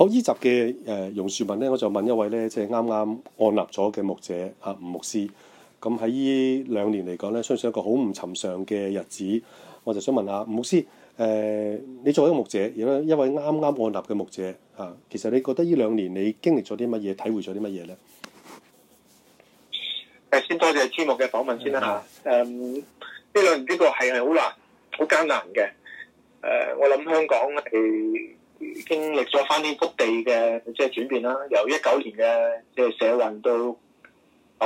好，集呢集嘅誒，榕樹問咧，我就問一位咧，即係啱啱按立咗嘅牧者吓，吳牧師。咁喺呢兩年嚟講咧，相信一個好唔尋常嘅日子，我就想問下吳牧師，誒、呃，你作為一個牧者，亦都一位啱啱按立嘅牧者吓、啊，其實你覺得呢兩年你經歷咗啲乜嘢，體會咗啲乜嘢咧？誒，先多謝節目嘅訪問先啦、啊、吓。誒、嗯，呢、嗯、兩年呢個係係好難，好艱難嘅。誒、呃，我諗香港係。呃經歷咗翻天覆地嘅即係轉變啦，由一九年嘅即係社運到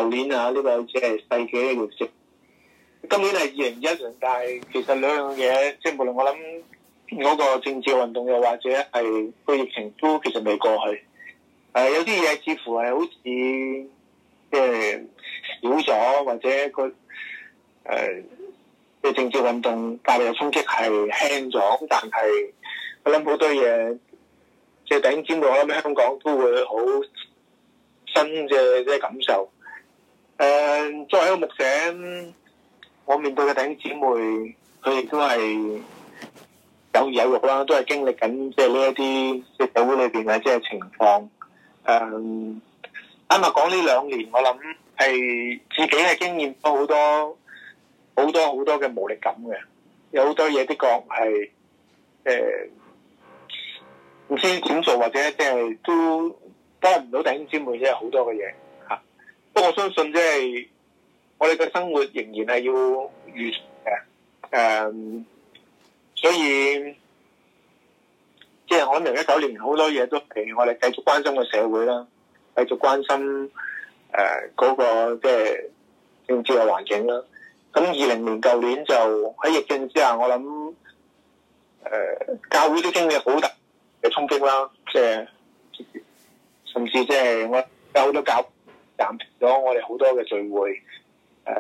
舊年啊，呢、這個即係世紀嘅轉折。今年係二零一零，但係其實兩樣嘢，即係無論我諗嗰、那個政治運動，又或者係、那個疫情都其實未過去。係有啲嘢似乎係好似即係少咗，或者個誒即係政治運動帶嚟嘅衝擊係輕咗，但係。但我諗好多嘢，即係頂尖我諗香港都會好新嘅即係感受。誒、呃，作為一個牧者，我面對嘅頂姐妹，佢亦都係有血有肉啦，都係經歷緊即係呢一啲即社會裏邊嘅即係情況。誒、呃，啱啱講呢兩年，我諗係自己係經驗咗好多，好多好多嘅無力感嘅，有好多嘢的確係誒。呃唔知點做或者即係都幫唔到弟兄姊妹，即係好多嘅嘢吓。不過我相信即係我哋嘅生活仍然係要預嘅，誒、嗯，所以即係可能一九年好多嘢都，我哋繼續關心個社會啦，繼續關心誒嗰個即係政治嘅環境啦。咁二零年舊年就喺疫症之下，我諗誒、呃、教會都經歷好大。衝擊啦，即係甚至即、就、係、是、我有好多教暫停咗我哋好多嘅聚會，誒、啊，呢、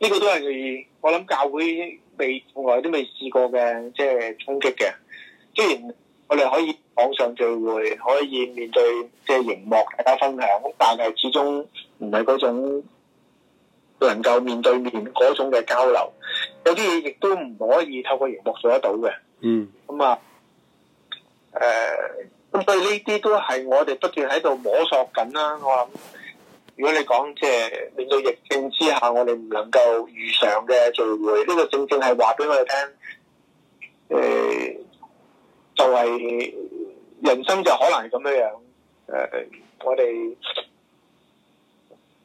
這個都係我諗教會未從來都未試過嘅，即係衝擊嘅。雖然我哋可以網上聚會，可以面對即係熒幕大家分享，但係始終唔係嗰種能夠面對面嗰種嘅交流。有啲嘢亦都唔可以透過熒幕做得到嘅。嗯，咁啊、嗯。誒，咁所以呢啲都係我哋不斷喺度摸索緊啦。我諗，如果你講即係令到疫症之下，我哋唔能夠如常嘅聚會，呢、這個正正係話俾我哋聽，誒、呃，就係、是、人生就可能係咁樣樣。誒、呃，我哋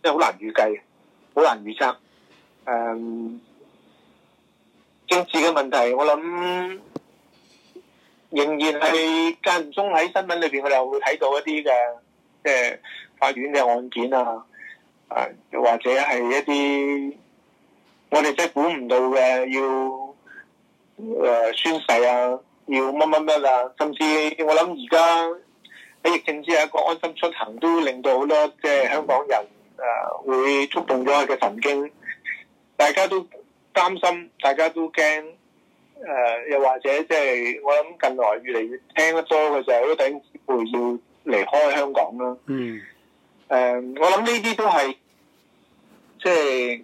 即係好難預計，好難預測。誒、呃，政治嘅問題，我諗。仍然係間唔中喺新聞裏邊，我哋會睇到一啲嘅即係法院嘅案件啊，啊，又或者係一啲我哋即係估唔到嘅，要誒宣誓啊，要乜乜乜啊，甚至我諗而家喺疫情之下，個安心出行都令到好多即係香港人誒會觸動咗佢嘅神經，大家都擔心，大家都驚。誒，又或者即係我諗，近來越嚟越聽得多嘅就係啲弟兄姊妹要離開香港啦。嗯。誒、uh，我諗呢啲都係即係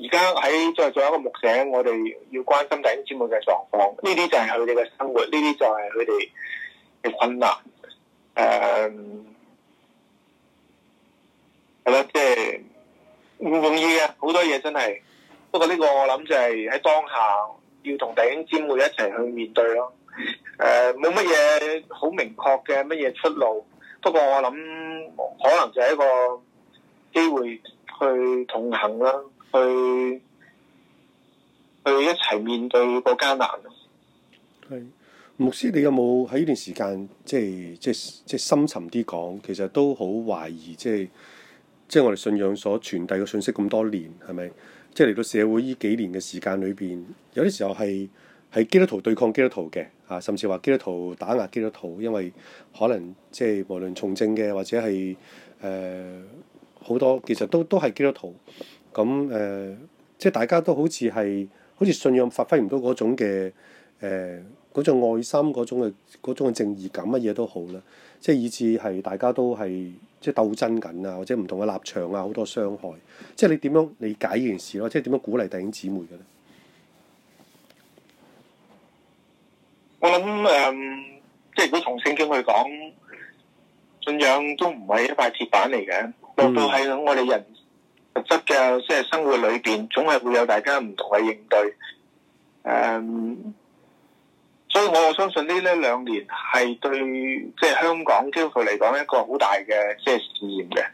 而家喺再做一個目醒，我哋要關心弟兄姊妹嘅狀況。呢啲就係佢哋嘅生活，呢啲就係佢哋嘅困難。誒，係咯，即係唔容易嘅，啊，好多嘢真係。不過呢個我諗就係喺當下。要同弟兄姊妹一齊去面對咯，誒、呃，冇乜嘢好明確嘅乜嘢出路，不過我諗可能就係一個機會去同行啦，去去一齊面對個艱難。係牧師，你有冇喺呢段時間，即係即係即係深沉啲講？其實都好懷疑，即係即係我哋信仰所傳遞嘅信息咁多年，係咪？即係嚟到社會呢幾年嘅時間裏邊，有啲時候係係基督徒對抗基督徒嘅，啊，甚至話基督徒打壓基督徒，因為可能即係無論從政嘅或者係誒好多，其實都都係基督徒，咁誒、呃，即係大家都好似係好似信仰發揮唔到嗰種嘅誒。呃嗰種愛心，嗰種嘅嗰種嘅正義感，乜嘢都好啦，即係以至係大家都係即係鬥爭緊啊，或者唔同嘅立場啊，好多傷害。即係你點樣理解呢件事咯？即係點樣鼓勵弟兄姊妹嘅咧？我諗誒、嗯，即係如果從聖經去講，信仰都唔係一塊鐵板嚟嘅，落到喺我哋人實質嘅即係生活裏邊，總係會有大家唔同嘅應對誒。嗯所以我相信呢一兩年係對即係、就是、香港經濟嚟講一個好大嘅即係試驗嘅，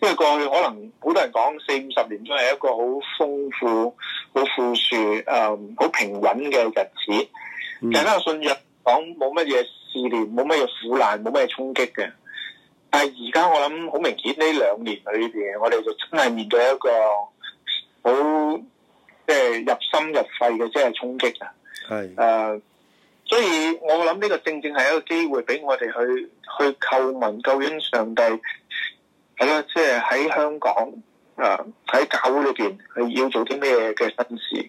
因為過去可能好多人講四五十年都係一個好豐富、好富庶、誒、嗯、好平穩嘅日子，大家信約講冇乜嘢試驗、冇乜嘢苦難、冇乜嘢衝擊嘅。但係而家我諗好明顯呢兩年裏邊，我哋就真係面對一個好即係入心入肺嘅即係衝擊啊！係誒。所以我諗呢個正正係一個機會，俾我哋去去叩問究竟上帝係咯，即係喺香港啊喺教會裏邊係要做啲咩嘅新事？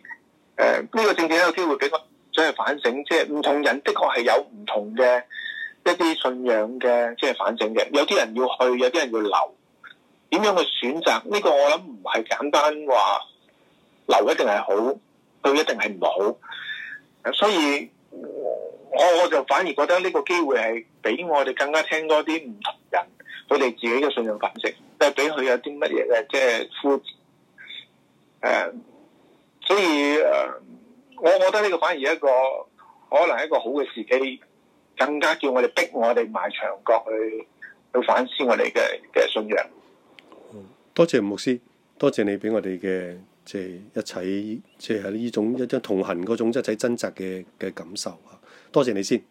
誒、呃，呢、這個正正一個機會俾我再去、就是、反省，即係唔同人的確係有唔同嘅一啲信仰嘅，即、就、係、是、反省嘅。有啲人要去，有啲人要留，點樣去選擇？呢、這個我諗唔係簡單話留一定係好，去一定係唔好。所以。我我就反而覺得呢個機會係俾我哋更加聽多啲唔同人佢哋自己嘅信仰反省，即係俾佢有啲乜嘢嘅，即係富所以誒，uh, 我覺得呢個反而一個可能係一個好嘅時機，更加叫我哋逼我哋埋牆角去去反思我哋嘅嘅信仰。多謝牧師，多謝你俾我哋嘅即係一齊，即係呢種一種同行嗰種一齊掙扎嘅嘅感受啊！多謝你先。